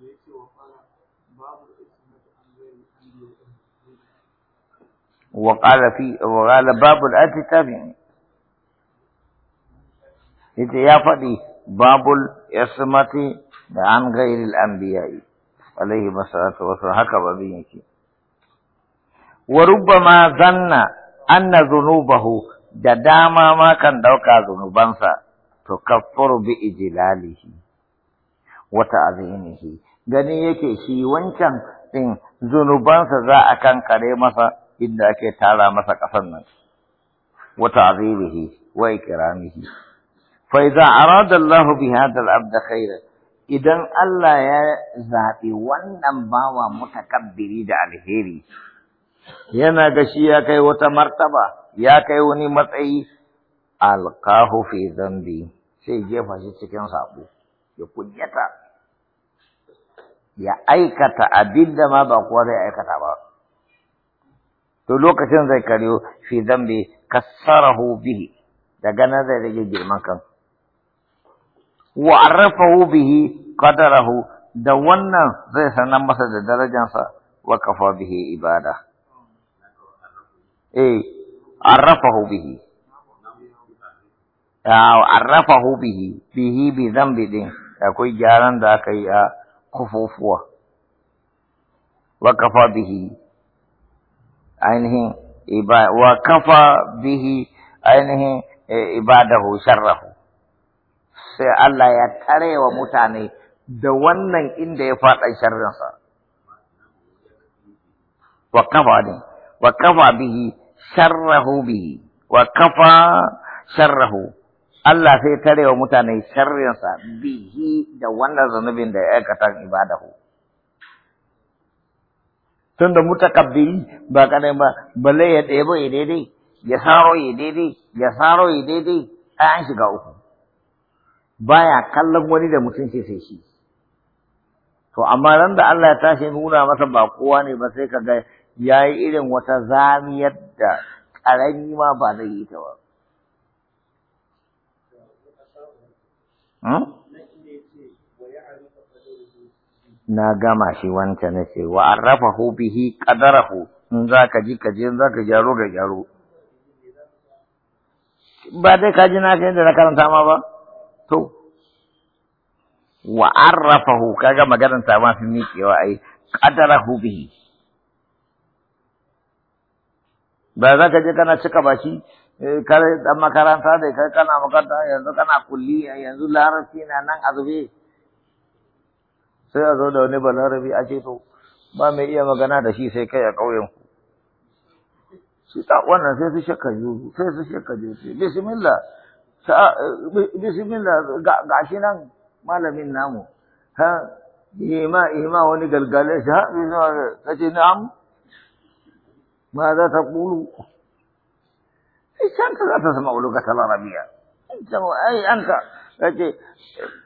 da ya ce wa fara babu ismatu an ghairi an biyu وقال في وقال باب الاعتكاف yace ya faɗi babul ismati da an gairil anbiya'i alaihi masalatu wasu haka babin yake wa rubbama zanna anna zunubahu da dama ma kan ɗauka zunubansa to kaffuru bi ijlalihi wata azimihi gani yake shi wancan din zunubansa za a kankare masa inda ake tara masa kasan nan wata azimihi wa ikramihi fa idza arada Allahu bi hadha al-abd khairan idan Allah ya zabi wannan bawa mutakabbiri da alheri yana ga shi ya kai wata martaba ya kai wani matsayi alqahu fi dhanbi sai jefa shi cikin sabo ya kunyata ya aikata abin da ma ba kowa zai aikata ba to lokacin zai karyo fi zambi kassarahu bihi daga nan zai rage girman kan wa arrafahu bihi qadarahu da wannan zai sanar masa da darajansa wa kafa bihi ibada eh arrafahu bihi ah, arrafahu bihi bihi bi zambi din akwai gyaran da aka yi a kufufuwa wa kafa bihi ainihin wa kafa bihi ainihin e, ibadahu sharrahu sai Allah ya tare wa mutane da wannan inda ya faɗa sharrinsa wa kafa ne wa kafa bihi sharrahu bihi wa kafa sharrahu Allah sai tare wa mutane sharrinsa bihi da wannan zanubin da ya aikata ibadahu. Tun da mutakabbiri ba kanai ba, balle ya ɗebo ya daidai, ya saro ya daidai, ya saro ya daidai, an shiga uku. Baya kallon wani da ce sai shi. To, amma ran da Allah ya tashi nuna masa ba kowa ne ba sai ka ga ya yi irin wata zamiyar da ƙarami ma ba zai yi ta ba. na gama shi wancan na ce wa hu bihi qadarahu in za ka ji ka ji in za ka gyaro ga gyaro ba dai ka ji na kai da na karanta ma ba to wa hu kaga maganar ta ma fi miƙewa kadara hu bihi ba za ka je kana cika ba shi. kare dan makaranta da kai kana makaranta yanzu kana kulliya yanzu larabci na nan a zube sai a zo da wani balarabi a ce to ba mai iya magana da shi sai kai a ƙauyen ku shi ta wannan sai su shakka yuzu sai su shakka yuzu bismillah bismillah ga shi nan malamin namu ha ima ima wani galgale shi ha bismillah kace na'am ma za ta kulu ta za ta zama wani gata larabiya. Ai, ka, kace,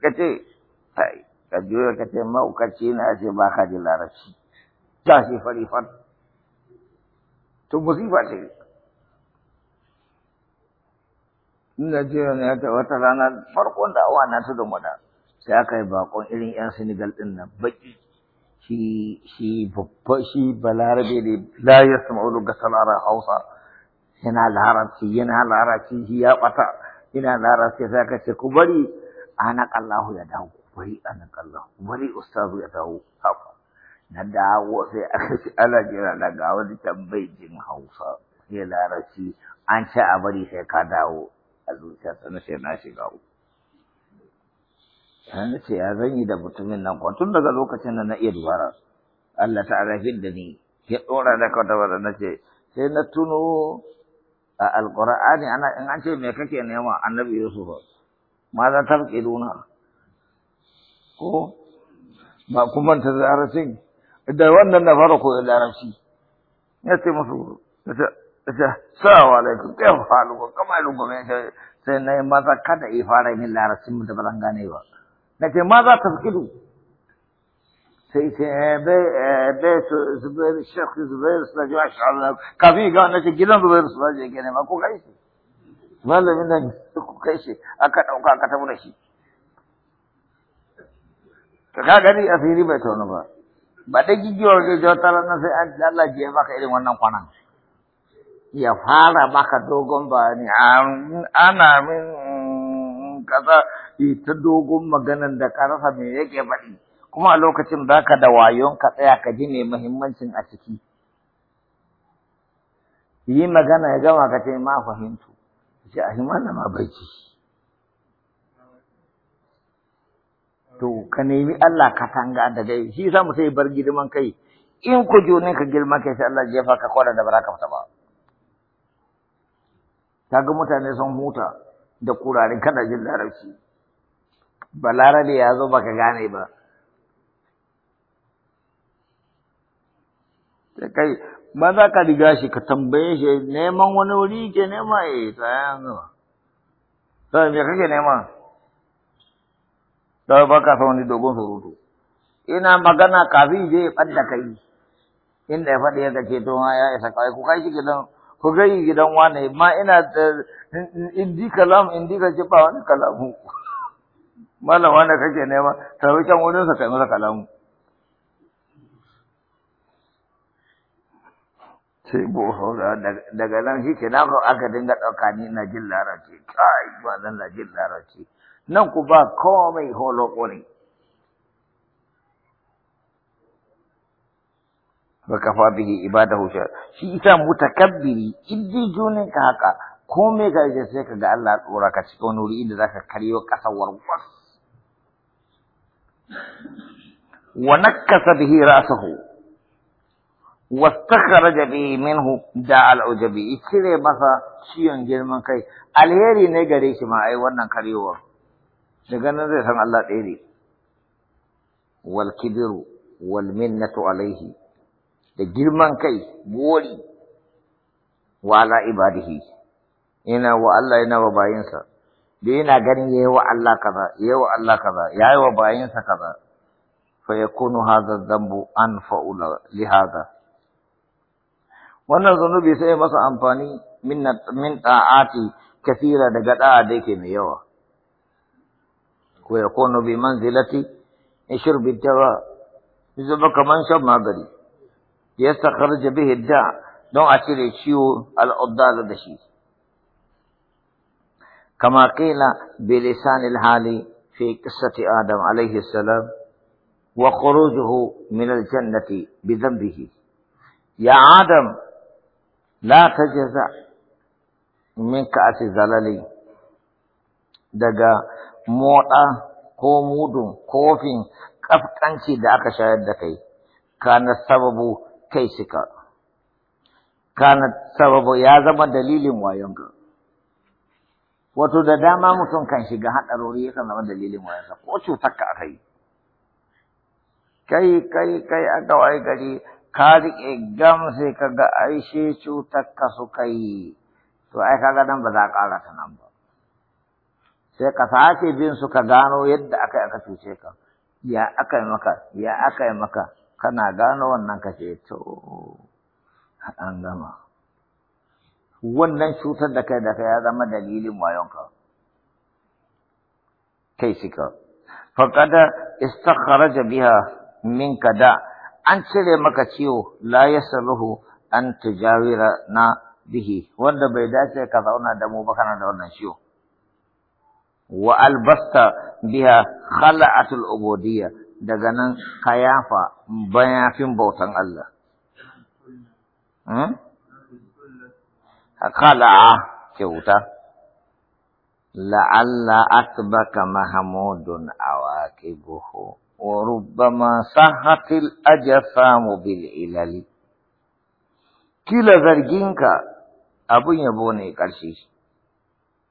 kace, ka juya ka ce maukaci na ce ba ka ji larabci. Ta shi fari far. To, musifa ce. Ina jiya ne ta wata rana farkon da awa na da wada. Sai aka yi bakon irin 'yan Senegal ɗin nan baki. Shi, babba, shi balarabe ne, la ya ga gasar Hausa. yana larabci yana larabci shi ya kwata yana larabci sai ka ce ku bari Ana Allah ya dawo bari anak Allah bari ustazu ya dawo haka na dawo sai aka ce ana jira daga wani tambayjin Hausa sai larabci an ce a bari sai ka dawo a zuciyarsa na sai na shiga uku na ce ya zan yi da mutumin nan kuwa tun daga lokacin da na iya dubara Allah Ta'ala arafin da ni ya ɗora da kwata na ce sai na tuno a alqur'ani ana in an ce me kake nema annabi yusuf ma za ta rike duna ko ba kuma ta zarafin da wannan na fara koyi larabci ya ce musu ta salamu alaikum kai falu ko kama ilu gome sai na yi maza kada ya fara yin larabcin da ba zan gane ba na ce maza tafkidu sai ce bai zubairu shekhi zubairu suna ji masha Allah kafin ga wannan ce gidan zubairu ko kai shi malamin aka ɗauka aka tabu da shi ka ka gani asiri bai tauna ba ba da gigiyar da jota ranar sai an Allah ji maka irin wannan kwanan ya fara maka dogon bayani ana min kaza ta dogon maganan da me yake faɗi kuma a lokacin za ka da wayon ka tsaya ka ji mai muhimmancin a ciki yi magana ya gama ka ce ma fahimtu ce a himana ma bai ci to ka nemi Allah ka tanga daga shi sa mu sai bar girman kai in ku jo ka girma kai sai Allah jefa ka kwada da ba ka fita ba kaga mutane sun huta da kurarin kada jin larabci balarabe ya zo baka gane ba kai ba za ka riga shi ka tambaye shi neman wani wuri ke nema ta tsaya zuwa sai me kake nema ta yi baka sa wani dogon surutu ina magana kafin je ya fadda kai inda ya faɗi yadda ke to ya isa kawai ku kai shi gidan ku gai gidan wane ma ina da indi kalam indi ka ce ba wani kalamu malam wanda kake nema tabi can wurin sa kai masa kalamu sai buhura daga nan shi ke nan aka dinga ɗauka ni na jin larabci kai ba nan na jin larabci nan ku ba komai holoko ba ka kafa bihi ibada sha shi ita mutakabbiri iddi junin ka haka komai ga ita sai ka ga Allah tsora ka cikin wuri inda zaka karyo kasar warwas wa nakkasa bihi ra'sahu واستخرج به منه da al'ujabi cire masa ciyon girman kai alheri ne gare shi ma ai wannan karewa daga nan zai san Allah ɗaya ne wal kibiru wal minnatu alaihi da girman kai gori wa ala ibadihi ina wa Allah yana wa bayinsa da yana ganin yayi wa Allah kaza yayi wa Allah kaza yayi wa bayinsa kaza fa yakunu hadha dhanbu anfa'u li hadha wannan zunubi sai ya masa amfani min ta'ati kasira daga da'a da yake mai yawa ko ya kono bi manzilati in shirbi tara baka man shan magani ya sakharja bihi da don a cire ciwo al'uddal da shi kama kila bi lisanil hali fi qissati adam alayhi salam wa khurujuhu min al-jannati bi dhanbihi ya adam la ta jaza min ka ake zalale daga moɗa ko mudun kofin ƙafƙanci da aka shayar da kai kana sababu kai shika kana sababu ya zama dalilin wayonka wato da dama mutum kan shiga haɗarori yakan zama dalilin wayonka ko cutar ka aka yi kai kai kai aka waye gari ka riƙe gam sai ka ga aishe ka suka yi to ai kaga nan ba za a ƙara ta nan ba sai ka sake bin su ka gano yadda aka aka cuce ka ya aka yi maka ya aka yi maka kana gano wannan ka ce to an gama wannan cutar da kai da kai ya zama dalilin wayonka kai shika faqada istakharaja biha minka da an cire maka ciwo la yasruhu an tujawira na bihi wanda bai dace ka zauna da mu ba kana da wannan ciwo wa albasta biha khala'atul ubudiyya daga nan ka yafa bayafin bautan Allah hmm? khala'a kyauta la'alla asbaka mahmudun awaqibuhu وربما صحت الأجسام بالعلل kila zarginka abun yabo ne ƙarshe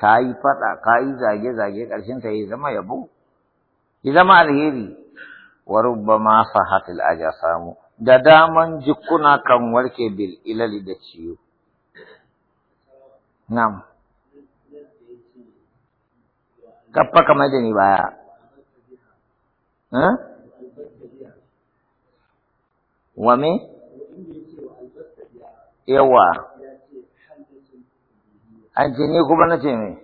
ka yi faɗa ka yi zage-zage ƙarshensa ya zama yabo ya zama alheri wa rubbama sahatil samu. da daman jikuna kan warke bil ilali da ciwo na'am kaffa kamar da ni baya wa me yawa an ce ni kuma na ce me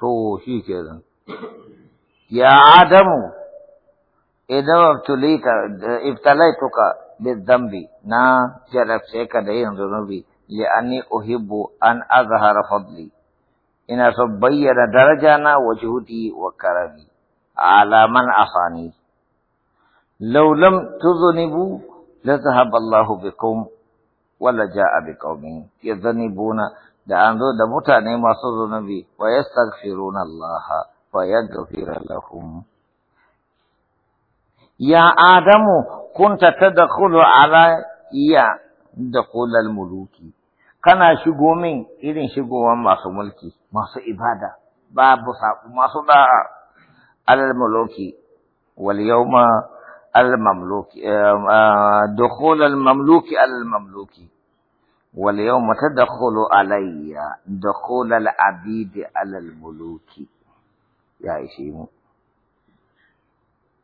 to shi ke zan ya adamu idan ibtalaituka bizambi na jarabce ka da yin zunubi li'anni uhibbu an azhara fadli ina so bayyana darajana wa juhudi wa karami على من عصاني لو لم تذنبوا لذهب a بكم ولا جاء بقوم يذنبون da an zo da mutane masu zunubi wa yastaghfiruna Allah fa yaghfir lahum ya adamu kunta tadkhulu ala iya al muluki kana shigo min irin shigowan masu mulki masu ibada babu sa masu da'a الملوك واليوم المملوك آه، دخول المملوك المملوك واليوم تدخل علي دخول العبيد على الملوك يا إشيمو